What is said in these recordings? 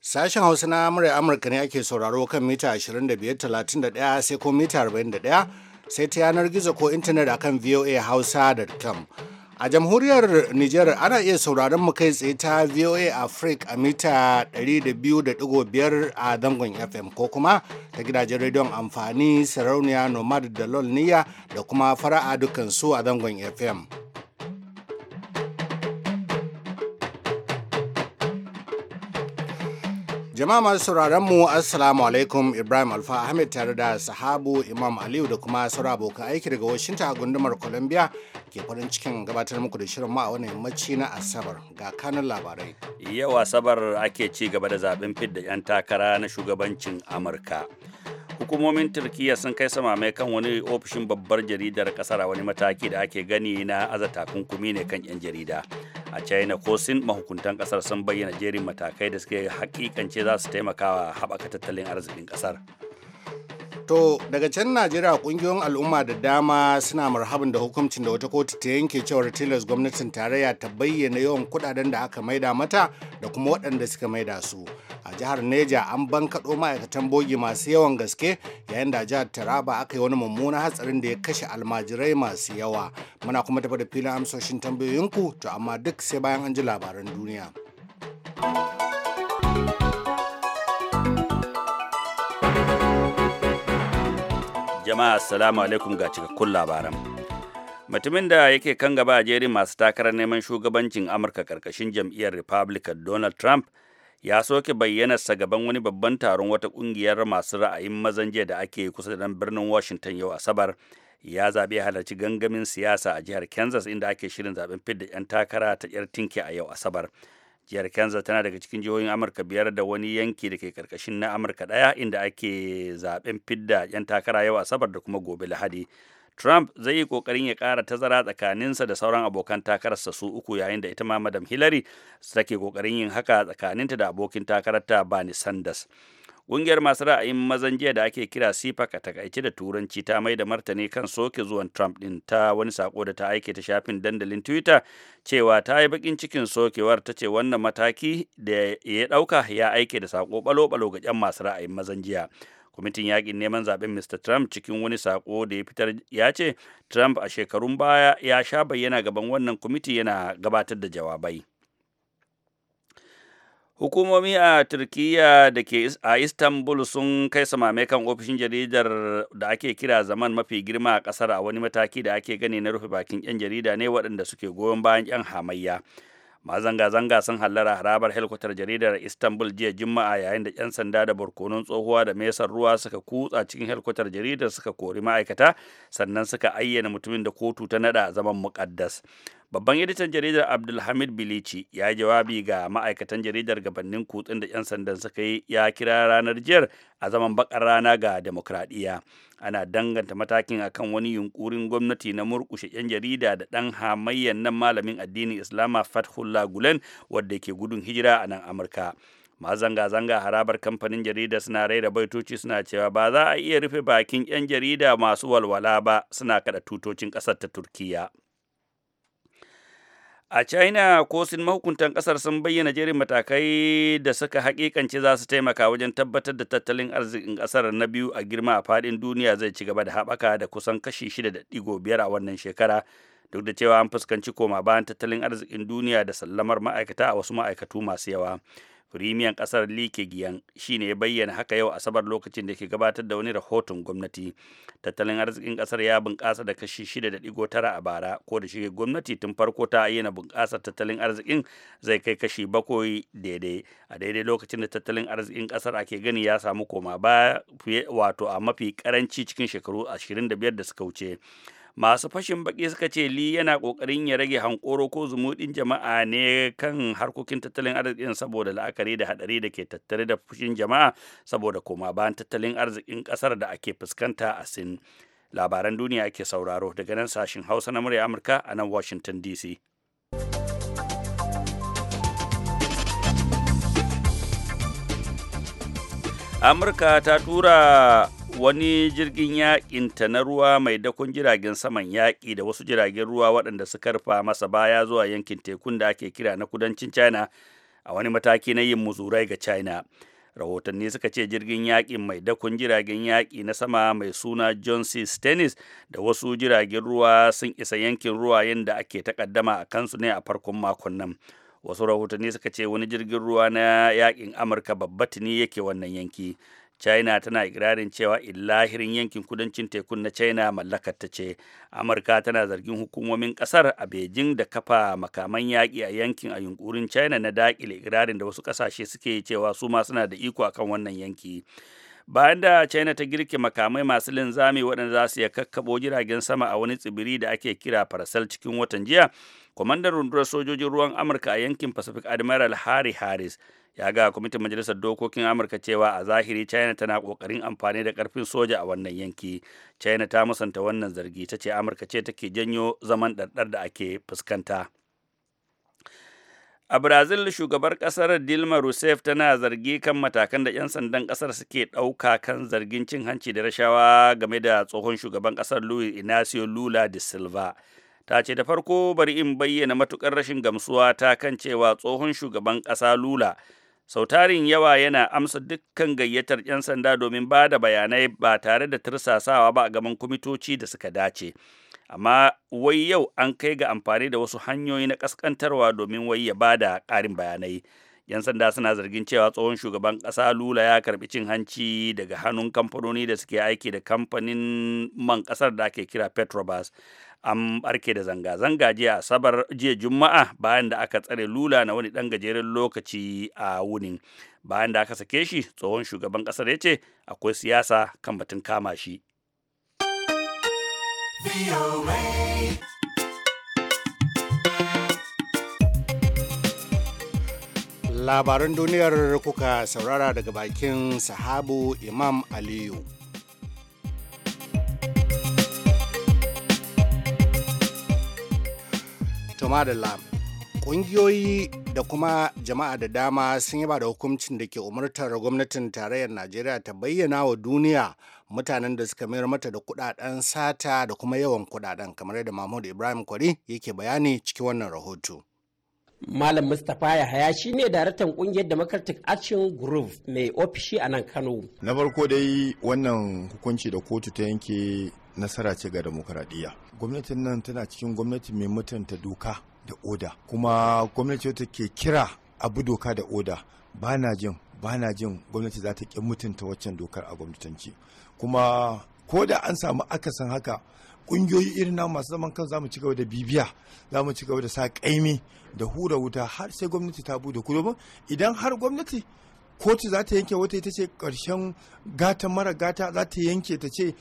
Sashen Hausa na murya Amurka ne ake sauraro kan mita 25-31 sai ko mita 41 sai ta yanar gizo ko intanet akan voahausa.com. A jamhuriyar Nijar ana iya sauraron mu kai tsaye ta VOA Africa a mita 200.5 a zangon FM ko kuma ta gidajen rediyon amfani sarauniya Nomad da Lolniya da kuma fara'a dukansu a zangon FM. Jama'a masu sauraron mu Assalamu alaikum Ibrahim Alfa Ahmed tare da sahabu Imam Aliyu da kuma sauran abokan aiki daga a gundumar Columbia ke farin cikin gabatar muku da shirin ma a wani yammaci na Asabar ga kanun labarai. Yau Asabar ake ci gaba da zaben fidda 'yan takara na shugabancin Amurka. Hukumomin Turkiyya sun kai sama mai kan wani ofishin babbar jaridar kasar a wani mataki da ake gani na aza takunkumi ne kan 'yan jarida. a china ko sin mahukuntan kasar sun bayyana jerin matakai da suke hakikance za su taimakawa haɓaka tattalin arzikin kasar. To daga can Najeriya kungiyoyin al'umma da dama suna marhabin da hukuncin da wata kotu ta yanke cewar tilas gwamnatin tarayya ta bayyana yawan kudaden da aka maida mata da kuma waɗanda suka maida su. A jihar Neja an bankaɗo ma'aikatan bogi masu yawan gaske yayin da jihar Taraba aka yi wani mummunan hatsarin da ya kashe almajirai masu yawa. Muna kuma tafi da filin amsoshin tambayoyinku to amma duk sai bayan an ji labaran duniya. jama'a assalamu alaikum ga cikakkun labaran mutumin da yake kan gaba a jerin masu takarar neman shugabancin amurka karkashin jam'iyyar republican donald trump ya soke bayyanarsa gaban wani babban taron wata kungiyar masu ra'ayin mazan jiya da ake kusa da nan birnin washington yau asabar ya zaɓi halarci gangamin siyasa a jihar kansas inda ake shirin zaben fidda 'yan takara ta 'yar tinke a yau asabar jihar kansas tana daga cikin jihohin amurka biyar da wani yanki da ke karkashin na amurka daya inda ake zaben fidda yan takara yau asabar da kuma gobe lahadi trump zai yi kokarin ya kara tazara tsakaninsa da sauran abokan takararsa su uku yayin da ita ma madam hillary take kokarin yin haka tsakaninta da abokin takararta bernie sanders Ƙungiyar masu ra'ayin mazan jiya da ake kira CPAC a takaice da turanci ta mai da martani kan soke zuwan Trump ɗin ta wani sako da ta aike ta shafin dandalin Twitter cewa ta yi bakin cikin sokewar ta ce wannan mataki da ya ɗauka ya aike da sako balo-balo ga 'yan masu ra'ayin mazan jiya. kwamitin yaƙin neman zaɓen mr trump cikin wani sako da ya fitar ya ce trump a shekarun baya ya sha bayyana gaban wannan kwamiti yana gabatar da jawabai Hukumomi a Turkiyya da ke a Istanbul sun kai samame kan ofishin jaridar da ake kira zaman mafi girma a kasar a wani mataki da ake gani na rufe bakin 'yan jarida ne waɗanda suke goyon bayan 'yan hamayya. Ma zanga-zanga sun hallara harabar helikwatar jaridar Istanbul jiya Juma'a yayin da 'yan sanda da barkonon tsohuwa da mesar ruwa suka kutsa cikin helikwatar jaridar suka kori ma'aikata sannan suka ayyana mutumin da kotu ta nada zaman muƙaddas. babban editan jaridar abdulhamid bilici ya yi jawabi ga ma'aikatan jaridar gabanin kutsin da 'yan sandan suka yi ya kira ranar jiyar a zaman bakar rana ga demokradiyya ana danganta matakin akan wani yunkurin gwamnati na murkushe 'yan jarida da ɗan hamayyan nan malamin addinin islama fathullah gulen wadda ke gudun hijira a nan amurka masu zanga-zanga harabar kamfanin jarida suna raira baitoci suna cewa ba za a iya rufe bakin 'yan jarida masu walwala ba suna kada tutocin ƙasar ta turkiya A China ko sun mahukuntan kasar sun bayyana jerin matakai da suka hakikance za su taimaka wajen tabbatar da tattalin arzikin kasar na biyu a girma a fadin duniya zai ci gaba da haɓaka da kusan kashi shida 6.5 a wannan shekara duk da cewa an fuskanci koma bayan tattalin arzikin duniya da sallamar ma'aikata a wasu ma'aikatu masu yawa. firimiyan kasar like giyan shine ya bayyana haka yau asabar lokacin da ke gabatar da wani rahoton gwamnati tattalin arzikin kasar ya bunƙasa da kashi 6.9 a bara ko da shige gwamnati tun farko ta ayyana bunƙasar tattalin arzikin zai kai kashi bakwai daidai a daidai lokacin da tattalin arzikin kasar ake gani ya samu koma ba wato a mafi karanci cikin shekaru 25 da suka wuce masu fashin baki suka ce li yana kokarin ya rage hankoro ko zumuɗin jama'a ne kan harkokin tattalin arzikin saboda la'akari da haɗari da ke tattare da fushin jama'a saboda koma bayan tattalin arzikin kasar da ake fuskanta a sin labaran duniya ake sauraro daga nan sashin hausa na murya amurka a nan washington dc amurka ta tura wani jirgin yaƙinta na ruwa mai dakon jiragen saman yaƙi da wasu jiragen ruwa waɗanda su karfa masa baya zuwa yankin tekun da ake kira na kudancin china a wani mataki na yin muzurai ga china rahotanni suka ce jirgin yaƙin mai dakon jiragen yaƙi na sama mai suna john c stennis da wasu jiragen ruwa sun isa yankin ruwa yadda ake takaddama a kansu ne a farkon makon nan wasu rahotanni suka ce wani jirgin ruwa na yaƙin amurka babba tuni yake wannan yanki china tana ikirarin cewa illahirin yankin kudancin tekun na china mallakar ta ce amurka tana zargin hukumomin kasar a beijing da kafa makaman yaƙi a yankin a yunkurin china na daƙile ikirarin da wasu ƙasashe suke cewa su ma suna da iko akan wannan yanki bayan da china ta girke makamai masu linzami waɗanda za su iya kakkaɓo jiragen sama a wani tsibiri da ake kira farsal cikin watan jiya kwamandan rundunar sojojin ruwan amurka a yankin pacific admiral harry harris ya ga kwamitin majalisar dokokin amurka cewa a zahiri china tana kokarin amfani da karfin soja a wannan yanki china ta musanta wannan zargi ta ce amurka ce take janyo zaman ɗarɗar da ake fuskanta a brazil shugabar kasar dilma rousseff tana zargi kan matakan da 'yan sandan kasar suke ɗauka kan zargin cin hanci da rashawa game da tsohon shugaban kasar louis inacio lula da silva ta ce da farko bari in bayyana matukar rashin gamsuwa ta kan cewa tsohon shugaban ƙasa lula Sautarin yawa yana amsa dukkan gayyatar 'yan sanda domin ba da bayanai ba tare da tursasawa ba a gaban kwamitoci da suka dace amma wai yau an kai ga amfani da wasu hanyoyi na kaskantarwa domin wai ya ba da ƙarin bayanai 'yan sanda suna zargin cewa tsohon shugaban ƙasa lula ya karbi cin hanci daga hannun kamfanoni da suke aiki da kamfanin man ƙasar da ake kira petrobas an barke da zanga-zanga jiya asabar jiya juma'a bayan da aka tsare lula na wani ɗan gajeren lokaci a wunin bayan da aka sake shi tsohon shugaban ƙasar ya ce akwai siyasa kan batun kama shi labaran duniyar kuka saurara daga bakin sahabu imam aliyu To madalla, ƙungiyoyi da kuma jama'a da dama sun yaba da hukuncin da ke umartar gwamnatin tarayyar Najeriya ta bayyana wa duniya mutanen da suka mayar mata da kudaden sata da kuma yawan kudaden kamar yadda Mahmud Ibrahim Kwari yake bayani cikin wannan rahoto. Malam Mustapha Yahaya shi ne daraktan kungiyar Democratic Action Group mai ofishi a nan Kano. Na farko dai wannan hukunci da kotu ta yanke nasara ce ga demokuraɗiyya gwamnatin nan tana cikin gwamnati mai mutunta doka da oda kuma gwamnati wata ke kira abu doka da oda ba na jin ba na jin gwamnati za ta ƙi mutunta waccan dokar a gwamnatanci kuma ko da an samu akasin haka ƙungiyoyi irin na masu zaman kan zamu ci gaba da bibiya zamu ci gaba da sa ƙaimi da hura wuta har sai gwamnati ta bude ku domin idan har gwamnati kotu za ta yanke wata ita ce ƙarshen gata mara gata za ta yanke ta ce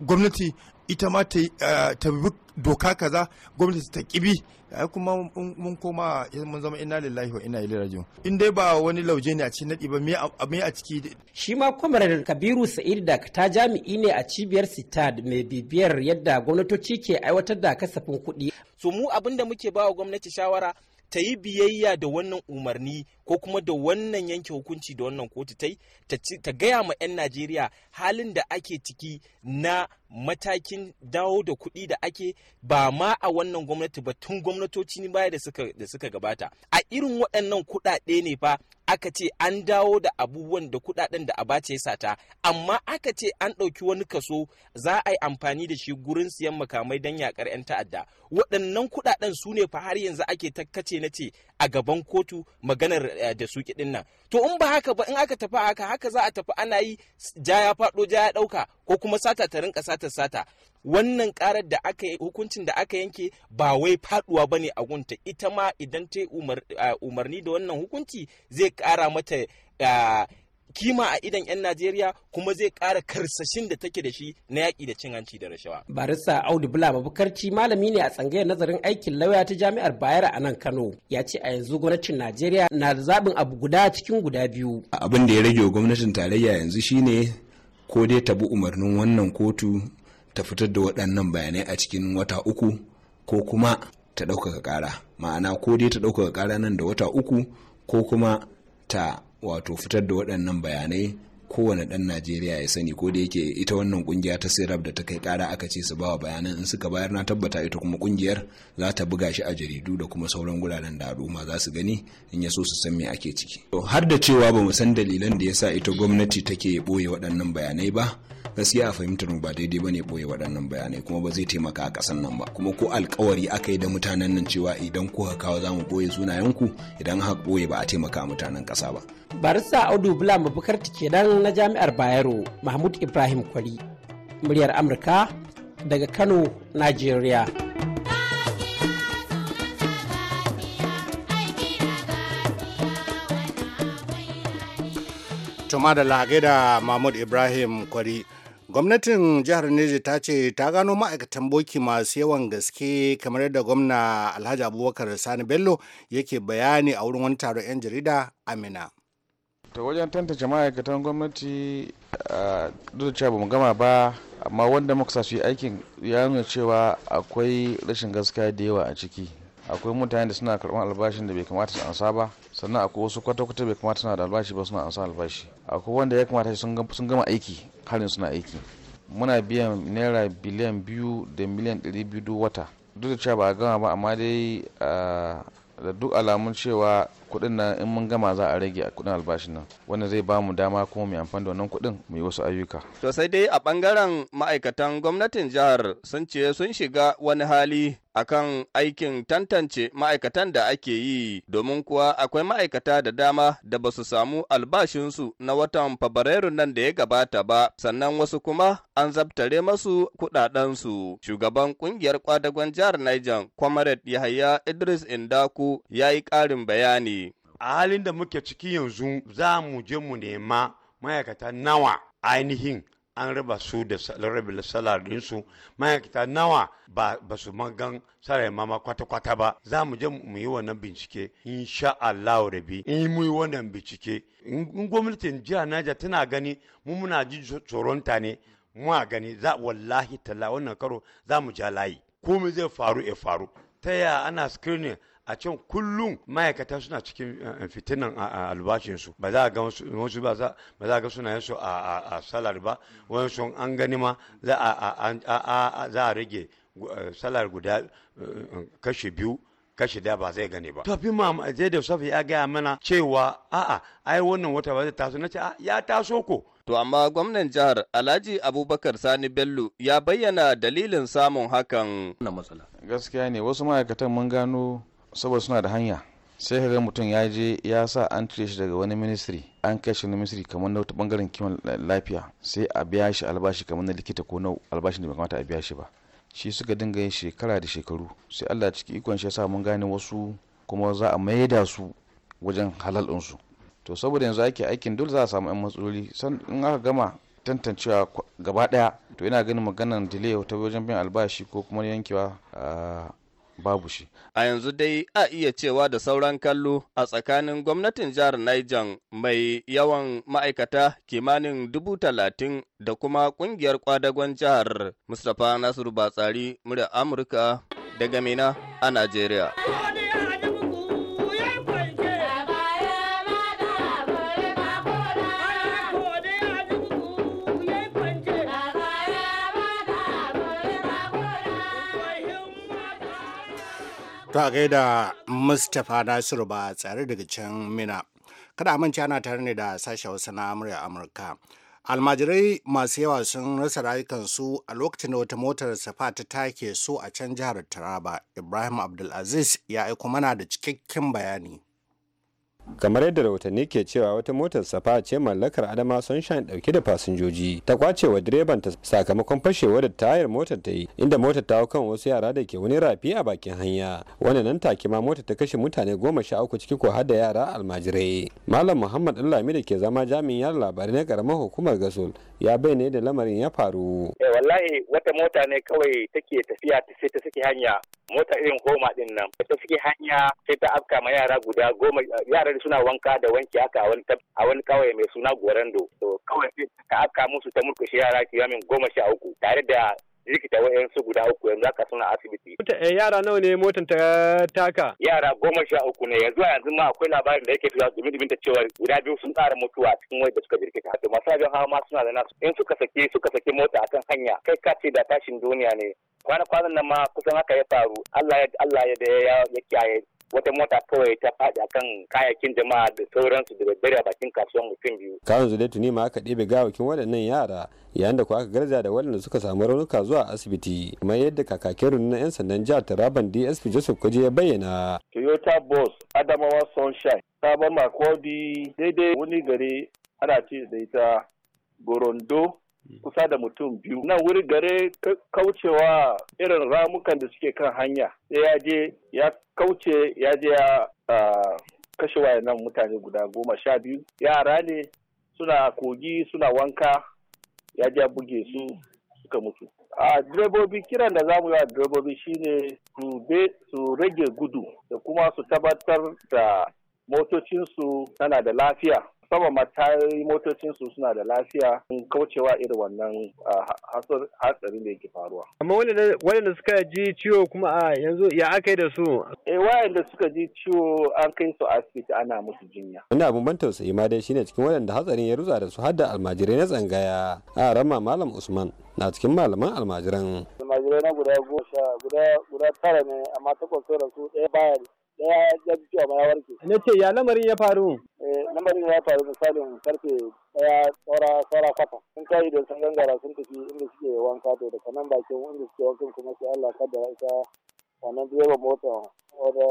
gwamnati ita ma eh, ta bi doka kaza gwamnati ta kibi kuma mun koma mun zama ina lillahi wa ina ilaihi raji'un in dai ba wani lauje ne a cikin nadi ba me a ciki shi ma kwamarar kabiru sa'id da ta jami'i ne a cibiyar sitad mai bibiyar yadda gwamnatoci ke aiwatar da kasafin kuɗi su mu abin muke ba wa gwamnati shawara ta yi biyayya da wannan umarni ko kuma da wannan yanke hukunci da wannan kotu ta yi ta gaya ma 'yan najeriya halin da ake ciki na matakin dawo da kuɗi da ake ba ma a wannan gwamnati ba tun gwamnatoci ni baya da suka, gabata a irin waɗannan kuɗaɗe ne fa aka ce an dawo da abubuwan da kuɗaɗen da abace ya sata amma aka ce an ɗauki wani kaso za a yi amfani da shi gurin siyan makamai don yakar 'yan ta'adda waɗannan kuɗaɗen su ne fa har yanzu ake ta kace na ce a gaban kotu maganar eh, da su kiɗin to in ba haka ba in aka tafi haka haka za a tafi ana yi ja ya faɗo ja ya ɗauka ko kuma sata ta rinka sata sata wannan karar da aka yi hukuncin da aka yanke ba wai faɗuwa ba ne a gunta ita ma idan ta eh, umarni da wannan hukunci zai kara mata eh, kima a idan 'yan Najeriya kuma zai ƙara karsashin da take da shi na yaƙi da cin hanci da rashawa. Barista Audu Bula Babukarci malami ne a tsangayar nazarin aikin lauya ta Jami'ar Bayero a nan Kano. Ya ce a yanzu gwamnatin Najeriya na da zaɓin abu guda cikin guda biyu. Abin da ya rage wa gwamnatin tarayya yanzu shine ko dai ta bi umarnin wannan kotu ta fitar da waɗannan bayanai a cikin wata uku ko kuma ta ɗaukaka ƙara ma'ana ko dai ta ɗaukaka ƙara nan da wata uku ko kuma ta wato fitar da waɗannan bayanai kowane ɗan najeriya ya sani ko da yake ita wannan kungiya ta sirab da ta kai kara aka ce su ba wa bayanan in suka bayar na tabbata ita kuma kungiyar za ta buga shi a jaridu da kuma sauran guraren da al'umma za su gani in ya so su san me ake ciki har da cewa ba mu san dalilan da ya sa ita gwamnati take ɓoye waɗannan bayanai ba gaskiya a fahimtar mu ba daidai ne boye waɗannan bayanai kuma ba zai taimaka a ƙasar nan ba kuma ko alkawari aka yi da mutanen nan cewa idan kuka kawo za mu boye sunayenku idan haka boye ba a taimaka a mutanen ƙasa ba. barista audu bula mabukar kenan na jami'ar bayero mahmud ibrahim kwari muryar amurka daga kano nigeria. tuma da lagai mahmud ibrahim kwari gwamnatin jihar neja ta ce ta gano ma'aikatan boki masu yawan gaske kamar yadda gwamna alhaji abubakar sani bello yake bayani a wurin wani taron 'yan jarida amina ta wajen tantance ma'aikatan gwamnati duk da cewa ba mu gama ba amma wanda muka sa su yi aikin ya nuna cewa akwai rashin gaskiya da yawa a ciki akwai mutane da suna karɓar albashin da bai kamata su ansa ba sannan akwai wasu kwata-kwata bai kamata suna da albashi ba suna ansa albashi akwai wanda ya kamata sun gama aiki harin suna aiki muna biyan naira biliyan biyu da miliyan ɗari biyu duk wata duk da cewa ba a gama ba amma dai ah, da duk alamun cewa kuɗin nan in mun gama za a rage kuɗin albashin nan wanda zai bamu dama kuma mu amfani da wannan kuɗin mu yi wasu ayyuka to sai dai a bangaren ma'aikatan gwamnatin jihar sun ce sun shiga wani hali akan aikin tantance ma'aikatan da ake yi domin kuwa akwai ma'aikata da dama da ba su samu albashinsu na watan fabrairu nan da ya gabata ba sannan wasu kuma an zabtare masu kudadensu shugaban kungiyar kwadagon jihar Niger comrade Yahaya Idris Indaku ya yi ƙarin bayani a halin da muke ciki yanzu za mu je mu nema ma'aikata nawa ainihin an raba su da rabin salarinsu ma'aikata nawa ba su magan sarai mama kwata-kwata ba za mu je mu yi wannan bincike sha Allah rabi in mu yi wannan bincike in gwamnatin jihar Naja tana gani mu muna ji tsoronta ne mu a gani za wallahi talla wannan karo za mu ja layi komai zai faru ya faru ta ya ana screening a can kullum ma'aikata suna cikin eh, eh, fitinan albashinsu ba za a ga wasu ba za a ga sunayen yansu a salar ba wani sun an gani ma za a rage eh, salar guda kashi biyu kashi da ba zai gane ba. to fi ma zai da safi ya gaya mana cewa a'a ai wannan wata ba zai taso na ce ya taso ko. To amma gwamnan jihar Alhaji Abubakar Sani Bello ya bayyana dalilin samun hakan. Gaskiya ne wasu ma'aikatan mun gano saboda suna da hanya sai ka mutum ya je ya sa an cire shi daga wani ministry an kai shi na ministry kamar na wata bangaren kiwon lafiya sai a biya shi albashi kamar na likita ko na albashin da bai kamata a biya shi ba shi suka dinga yin shekara da shekaru sai Allah ciki ikon shi ya sa mun gane wasu kuma za a maida su wajen halal ɗinsu to saboda yanzu ake aikin dole za a samu 'yan matsaloli san in aka gama tantancewa gaba daya to ina ganin maganar delay ta wajen bin albashi ko kuma yankewa ah, babu shi. A yanzu dai a iya cewa da sauran kallo a tsakanin gwamnatin jihar Niger mai yawan ma'aikata kimanin dubu talatin da kuma kungiyar kwadagon jihar Mustapha Nasiru Batsari murya Amurka daga Mina a Najeriya. a gaida mustapha nasiru ba tsare daga can mina kada a ana tare ne da sashe wasu na murya amurka almajirai masu yawa sun rasa rayukansu a lokacin da wata motar safa ta take su a can jihar taraba ibrahim abdulaziz ya aiko mana da cikakken bayani kamar yadda rahotanni ke cewa wata motar safa ce mallakar adama sun sunshine dauke da fasinjoji ta kwace wa direban ta sakamakon fashewa da tayar motar ta yi inda motar ta kan wasu yara da ke wani rafi a bakin hanya wannan nan take ma motar ta kashe mutane goma sha uku ciki ko hada yara almajirai malam muhammad allami da ke zama jami'in yar labarai na karamar hukumar gasol ya bayyana da lamarin ya faru. Eh, wallahi wata mota ne kawai take tafiya sai ta saki hanya mota irin koma din nan ta saki hanya sai ta afka ma yara guda goma yara gani suna wanka da wanki haka a wani kawai mai suna gorando to kawai sai ka aka musu ta murkushe yara kiyamin goma sha uku tare da likita wayansu guda uku yanzu aka suna asibiti. Eh, yara nawa ne motan ta taka? Yara goma sha uku ne yanzu a yanzu ma akwai labarin da yake fitowa domin dubin ta cewa guda biyu sun tsara mutuwa a cikin wani da suka birkita. To masu abin hawa ma suna da nasu in suka sake suka sake mota akan hanya kai ka ce da tashin duniya ne. Kwana-kwanan nan ma kusan haka ya faru Allah ya Allah ya ya kiyaye wata mota kawai ta faɗi akan kayakin jama'a da sauransu da daddare a bakin kasuwar mutum biyu. Kawun zule tuni ma aka ɗebe gawakin waɗannan yara yayin da kuwa aka garza da waɗanda suka samu raunuka zuwa asibiti kamar yadda kakakin rundunar 'yan sandan jihar Taraban DSP Joseph Kwaje ya bayyana. Toyota Bus Adamawa Sunshine Sabon Makodi daidai wani gari ana ce da ita Gorondo kusa da mutum biyu nan wuri gare kaucewa irin ramukan da suke kan hanya sai ya je ya kauce ya je ya kashe wayannan mutane guda goma sha biyu yara ne suna kogi suna wanka ya je buge su suka mutu a direbobi kiran da zamu yi a direbobi shine su rage gudu da kuma su tabbatar da motocinsu tana da lafiya sama matayi motocin su suna da lafiya in kaucewa irin wannan hatsarin da yake faruwa. Amma waɗanda suka ji ciwo kuma a yanzu ya aka da su? Eh waɗanda suka ji ciwo an kai su asibiti ana musu jinya. Wani abin ban tausayi ma dai shine cikin waɗanda hatsarin ya rusa da su har da almajirai na tsangaya a rama malam Usman na cikin malaman almajiran. Almajirai na guda goma guda tara ne amma takwas sauran su ɗaya baya daya ya ji cewa ma ya warke na ce ya lamarin ya faru eh, lamarin ya faru misalin karfe daya saura saura kafa sun kai da sun gangara sun tafi inda suke wanka to daga nan bakin inda suke wankan kuma sai Allah kaddara ita wannan direban mota wata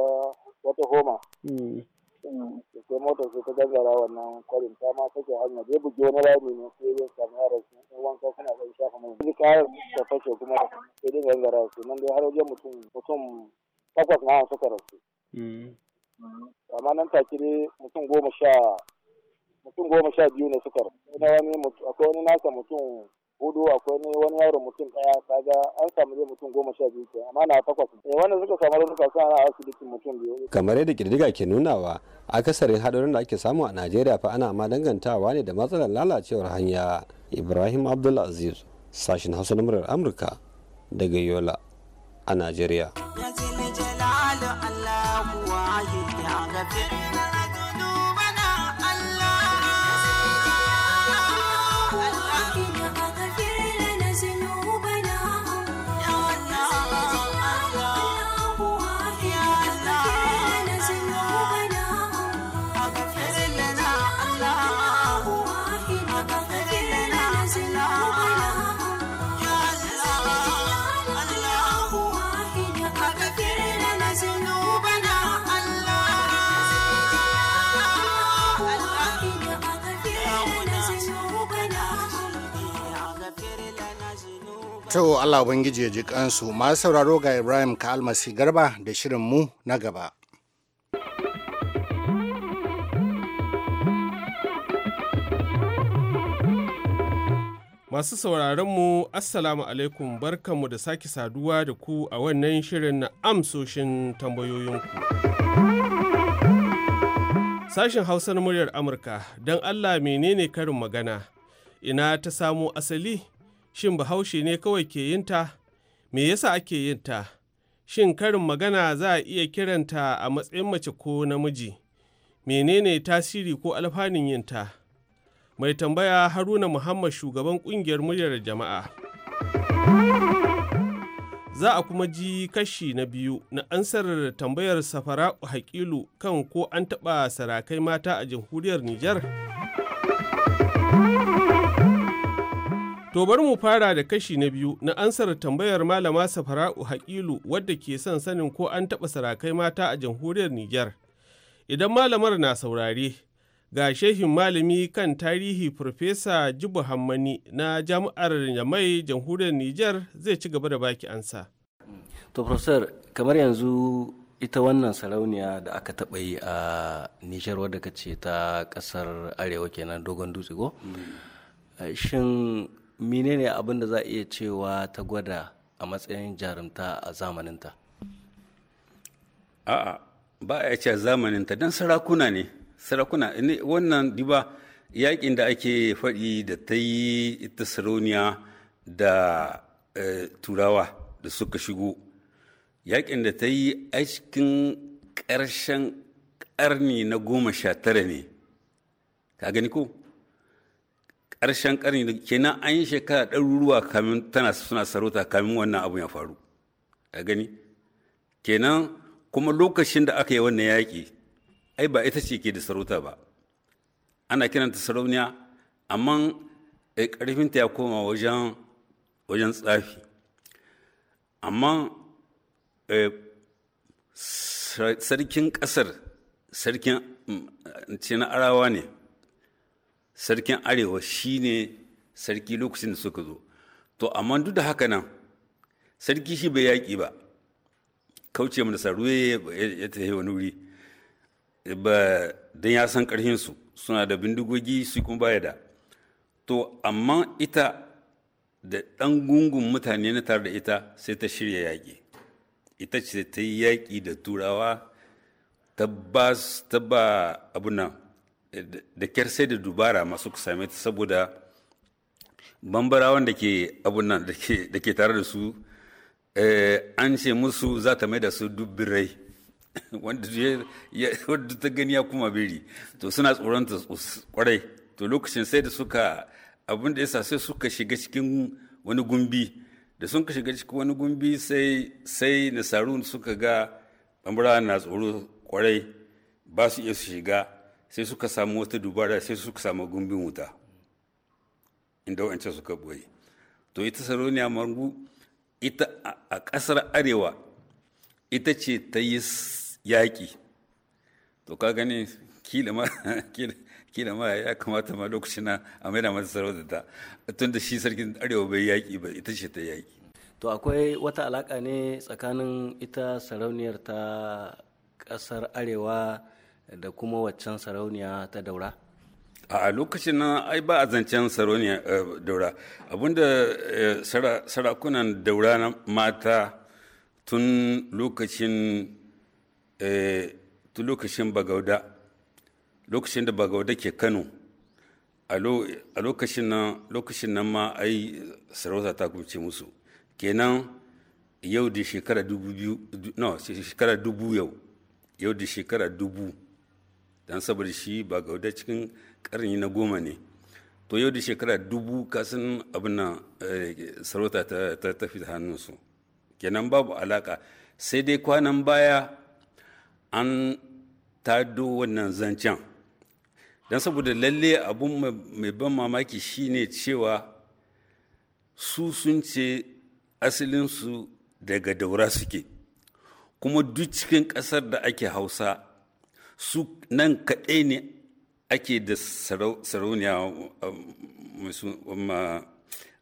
wata homa hmm. eh, sai motar sai ta gangara wannan kwarin ta ma take hanya zai buge wani rami ne sai ya samu yaran su sai wanka suna ɗan shafa mai duk kayan da fashe kuma sai dai gangara su nan dai har wajen mutum mutum takwas na suka rasu Mm. amma nan take ne mutum goma sha mutum goma sha biyu ne suka na wani akwai wani nasa mutum hudu akwai ne wani yaro mutum daya kaga an samu zai mutum goma sha biyu ke amma na takwas ne eh, wanda suka samu raunuka suna na asibitin mutum biyu kamar yadda kirdiga ke nunawa akasarin hadarin da ake samu a Najeriya fa ana ma dangantawa ne da matsalar lalacewar hanya Ibrahim abdulaziz sashen Hausa na murar Amurka daga Yola a Najeriya. Caterina To Allah Ubangiji ya ji kansu masu sauraro ga Ibrahim ka almasi garba da shirin mu na gaba. Masu sauraronmu, Assalamu alaikum barkanmu da sake saduwa da ku a wannan shirin na amsoshin tambayoyinku. Sashen Hausa na muryar Amurka, don Allah menene karin magana, ina ta samo asali? shin bahaushe ne kawai ke yin ta me yasa ake yin ta shin karin magana za a iya kiranta a matsayin mace ko namiji menene tasiri ko alfanin yin ta mai tambaya haruna muhammad shugaban ƙungiyar muryar jama'a za a kuma ji kashi na biyu na ansar tambayar safara hakilu kan ko an taɓa sarakai mata a jamhuriyar nijar To bari mu fara da kashi na biyu na ansar tambayar malama Safara'u Hakilu wadda ke son sanin ko an taɓa sarakai mata a jamhuriyar Nijar. Idan malamar na saurare, ga shehin malami kan tarihi Farfesa Jibu Hammani na jami'ar Yamai jamhuriyar Nijar zai ci gaba da baki ansa. To, Professor, kamar yanzu ita wannan sarauniya da aka taɓa yi a Nijar wadda ka ce ta ƙasar Arewa kenan dogon dutse ko? Mm. Eh, shin menene abin da za a iya cewa ta gwada a matsayin jarumta a zamaninta a'a ba a ce zamaninta don sarakuna ne sarakuna wannan diba yakin da ake faɗi da ta yi ita da eh, turawa da suka shigo yakin da ta yi a cikin ƙarshen ƙarni na goma sha tara ne ka gani ko ƙarshen ƙarni kenan an yi shekara ɗaruruwa kamin tana suna sarauta kamin wannan abu ya faru a gani kenan kuma lokacin da aka yi wannan yaƙi ai ba ita ce ke da sarauta ba ana kiranta sarauniya amma eh, ƙarfinta ya koma wajen wajen tsafi amma eh, sarkin ƙasar sarkin mm, ce na arawa ne sarkin arewa shine sarki lokacin da suka zo to amma duk da haka nan sarki shi bai yaƙi ba kauce mana saruwe ya tafi wani wuri ba don ya san ƙarhinsu suna da bindigogi su kuma baya da to amma ita da ɗan gungun mutane na tare da ita sai ta shirya yaƙi ita ce ta yi yaƙi da turawa ta ba abu nan da kyar sai da dubara masu sami ta saboda bambara wanda ke abun nan da ke tare da su eh, an ce musu za ta mai da su dubbirai wanda ta gani ya kuma biri to suna tsoron kwarai to lokacin sai da suka abin da yasa sai suka shiga cikin wani gumbi da sun ka shiga cikin wani gumbi sai sai nasaru suka ga bambara na tsoro kwarai ba su iya su shiga sai suka samu wata dubara sai suka samu gumbin wuta inda wancan suka ɓoye to ita sarauniya margu ita a ƙasar arewa ita ce ta yi yaƙi to ka gani kila ma ya kamata ma lokacin na a maina mata sarauta ta tun da shi sarkin arewa bai yaƙi ba ita ce ta yaƙi to akwai wata alaƙa ne tsakanin ita sarauniyar ta ƙasar arewa da kuma waccan sarauniya ta daura a lokacin nan ai ba a zancen sarauniya eh, daura abinda eh, sarakunan daura na mata tun lokacin eh, tun lokacin bagauda lokacin da bagauda ke kano a lokacin nan lokacin nan ma ai sarauta ta kumce musu kenan yau da shekara dubu shekara dubu yau yau da shekara dubu don saboda shi ba gauda cikin karni na goma ne to yau da shekara dubu kasan abin nan eh, sarauta ta tafi hannunsu kenan babu alaka sai dai kwanan baya an tado wannan zancen don saboda lalle abu mai ban mamaki shine cewa su sun ce asalinsu daga daura suke kuma duk cikin ƙasar da ake hausa su nan kaɗai ne ake da sarauniya um, um,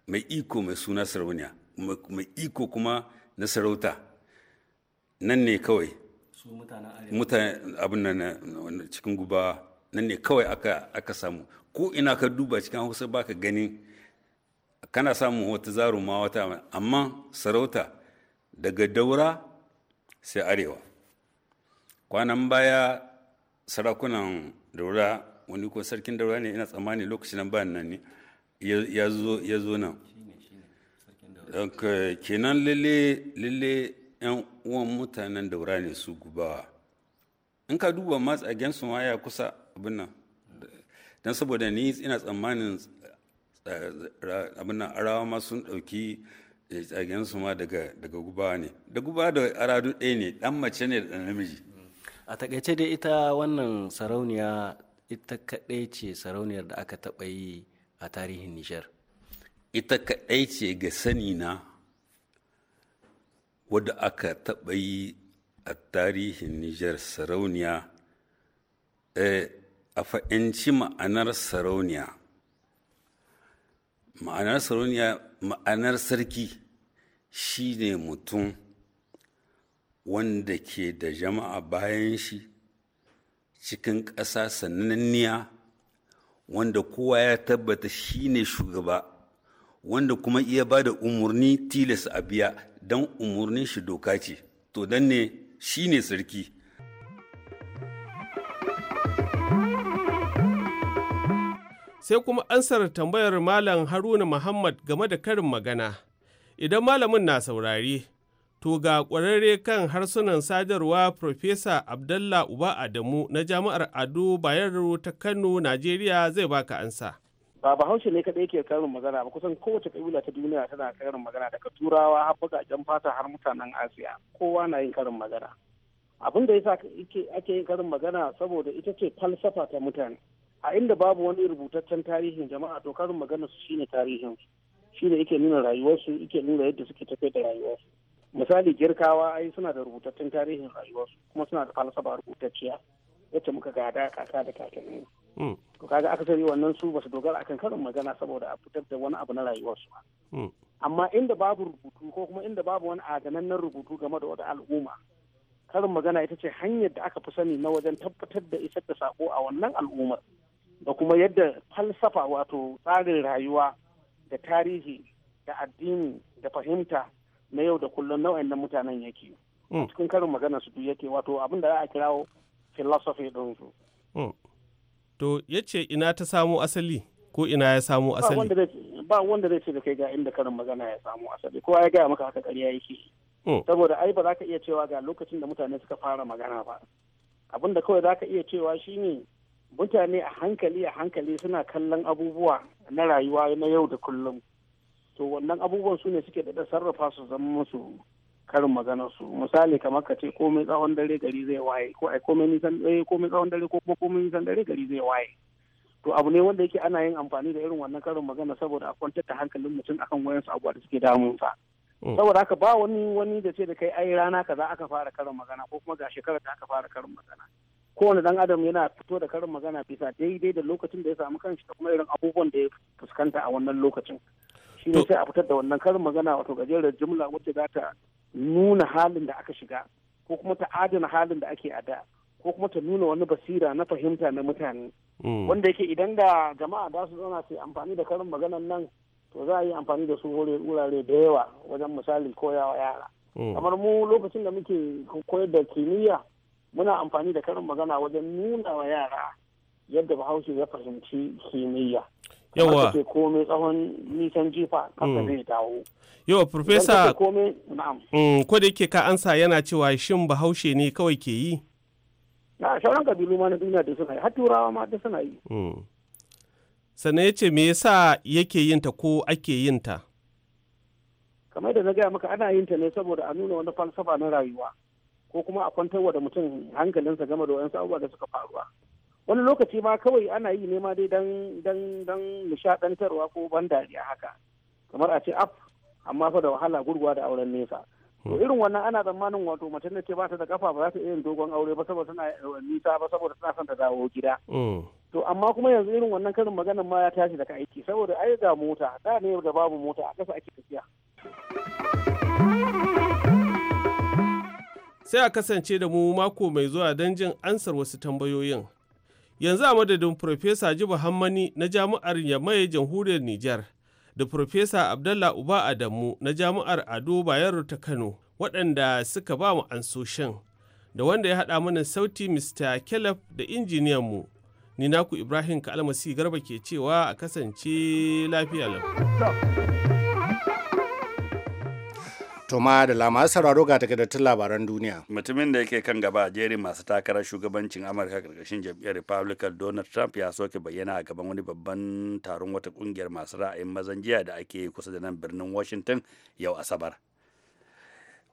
mai iko mai suna sarauniya mai iko kuma na sarauta nan ne kawai mutane abin nan cikin guba nan ne kawai aka samu ko ina ka duba cikin hausa baka ganin kana samun wata ma wata amma sarauta daga daura sai arewa kwanan baya sarakunan daura wani ko sarkin daura ne ina tsammani lokacin nan bayan nan ne ya zo nan kenan lalle yan uwan mutanen daura ne su gubawa in ka duba matsagen su ma ya kusa abin nan don saboda ni ina tsammanin eh, abin nan arawa ma sun ɗauki eh, tsagen su ma daga gubawa ne da gubawa da aradu ɗaya ne ɗan mace ne da namiji a takaice dai ita wannan sarauniya ita kaɗai ce sarauniyar da aka taɓa yi a tarihin nijar ita kaɗai ce ga sani na wadda aka taɓa yi a tarihin nijar sarauniya e, a fa'inci ma'anar sarauniya ma'anar sarauniya ma'anar sarki shi ne mutum wanda ke da jama'a bayan shi cikin ƙasa sananniya wanda kowa ya tabbata shi ne shugaba wanda kuma iya ba da umarni tilas a biya don umarnin shi doka ce to don ne shi ne sarki sai kuma ansar tambayar malam haruna muhammad game da karin magana idan malamin na saurari To ga ƙwararre kan harsunan sadarwa Profesa Abdallah Uba Adamu na Jami'ar Ado Bayero ta Kano, Najeriya zai baka ansa. Ba Bahaushe ne kaɗai ke karin magana ba kusan kowace ƙabila ta duniya tana karin magana daga Turawa har baƙaƙen fata har mutanen Asiya. Kowa na yin karin magana. Abin da yasa ake yin karin magana saboda ita ce falsafa ta mutane. A inda babu wani rubutaccen tarihin jama'a to karin magana su shine tarihin. Shine yake nuna rayuwarsu, yake nuna yadda suke tafiyar da rayuwarsu. misali girkawa ai suna da rubutattun tarihin rayuwarsu kuma suna da falsafa rubutacciya yadda muka gada kaka da kakanni hmm. to kaga aka sani wannan su basu dogara akan karin magana saboda a fitar da wani abu na rayuwarsu ba hmm. amma inda babu rubutu ko kuma inda babu wani adanannen rubutu game da wata al'umma karin magana ita ce hanyar da aka fi sani na wajen tabbatar da isar da sako a wannan al'ummar da kuma yadda falsafa wato tsarin rayuwa da tarihi da addini da fahimta na yau da kullum na wayannan mutanen yake hmm. cikin karin magana su duk yake wato abin da za a kirawo philosophy din su hmm. to yace ina ta samu asali ko ina ya samu asali ba wanda zai ce da kai ga inda karin magana ya samu asali kowa ya gaya maka haka karya yake hmm. saboda ai ba za ka iya cewa ga lokacin da mutane suka fara magana ba abin da kawai za ka iya cewa shine mutane a hankali a hankali suna kallon abubuwa na rayuwa na yau da kullum to wannan abubuwan su ne suke da sarrafa su zama musu karin magana su misali kamar ka ce komai tsawon dare gari zai waye ko ai komai nisan dare eh, komai tsawon dare ko kuma komai nisan dare gari zai waye to abu ne wanda yake ana yin amfani da irin wannan karin magana saboda a kwantar da hankalin mutum akan su abuwa da suke damunsa oh. saboda haka ba wani wani da ce da kai ai rana kaza aka fara karin magana ko kuma ga shekarar da aka fara karin magana kowane dan adam yana fito da karin magana bisa daidai da lokacin da ya samu kanshi da kuma irin abubuwan da ya fuskanta a wannan lokacin shi ne sai a fitar da wannan karin magana wato gajerar jumla wacce za ta nuna halin da aka shiga ko kuma ta adana halin da ake ada ko kuma ta nuna wani basira na fahimta na mutane mm. wanda yake idan da jama'a za su zauna su amfani da karin maganan nan to za a yi amfani da su wurare da yawa wajen misali koyawa yara mm. kamar mu lokacin da muke koyar da kimiyya muna amfani da karin magana wajen nuna wa yara yadda bahaushe ya fahimci kimiyya yawa ka komai tsawon nisan jifa kasa mm. zai dawo yawa profesa mm, ko da yake ka ansa yana cewa shin bahaushe ne kawai ke yi na sauran kabilu ma na duniya da suna yi har turawa ma da suna yi mm. sannan ya ce me yasa yake yin ta ko ake yin ta kamar da na gaya maka ana yin ta ne saboda a nuna wani falsafa na rayuwa ko kuma a kwantarwa da mutum hankalinsa game da wayansu abubuwa da suka faruwa wani lokaci ma kawai ana yi nema dai dan nishadantarwa ko ban dariya haka kamar a ce af amma fa da wahala gurguwa da auren nesa to hmm. irin wannan ana tsammanin wato mace ne ce ba ta da kafa ba za ta iya dogon aure ba saboda tana eh, nisa ba saboda tana son ta dawo gida hmm. to amma kuma yanzu irin wannan karin maganar ma ya tashi daga aiki saboda ai ga mota da ne ga babu mota a kasa ake tafiya sai a kasance da mu mako mai zuwa don jin ansar wasu tambayoyin yanzu a madadin Profesa Jibu Hammani na jami'ar Yamai jamhuriyar Nijar da Profesa Abdallah Uba Adamu na jami'ar Ado Bayero ta Kano waɗanda suka ba mu ansoshin da wanda ya haɗa mana sauti Mr. Caleb da injiniyan mu. Ni Ibrahim Kalmasi Garba ke cewa a kasance lafiya lafiya. To da lama sauraro ga takardattun labaran duniya. Mutumin da yake kan gaba a jerin masu takarar shugabancin Amurka karkashin jam'iyyar Republican Donald Trump ya soke bayyana a gaban wani babban taron wata kungiyar masu ra'ayin mazan jiya da ake kusa da nan birnin Washington yau Asabar.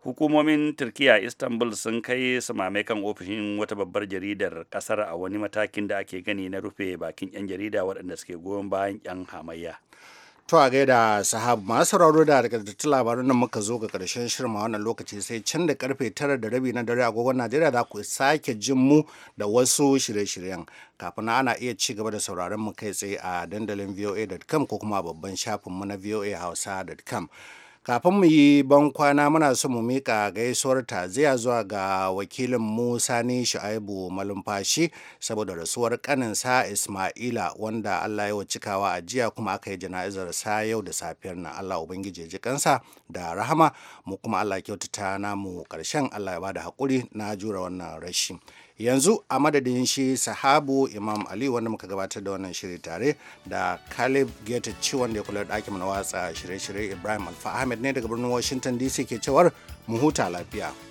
Hukumomin Turkiya Istanbul sun kai samame kan ofishin wata babbar jaridar kasar a wani matakin da ake gani na rufe bakin 'yan jarida waɗanda suke goyon bayan 'yan hamayya. To a gaida sahab masu sauraro da takaitattun labarun nan muka zo ga karshen shirma wannan lokaci sai can da karfe tara da rabi na dare agogon Najeriya za ku sake jin mu da wasu shirye-shiryen. Kafin ana iya ci gaba da sauraron mu kai tsaye a dandalin voa.com ko kuma babban shafin mu na voahausa.com. kafin mu yi ban kwana muna so mu mika gaisuwar taziya zuwa ga wakilin musa ne shu'aibu malumfashi saboda rasuwar kaninsa ismaila wanda allah ya cikawa a jiya kuma aka yi jana'izar sa yau da safiyar na allah ubangiji ji kansa da rahama mu kuma allah kyautata namu karshen allah ya bada hakuri na jura wannan rashi yanzu a madadin shi sahabu imam ali wanda muka gabatar da wannan shirin tare da caleb geta ci wanda ya kula da ɗakin na watsa shirye-shirye ibrahim alfa ahmed ne daga birnin washington dc ke cewar mu huta lafiya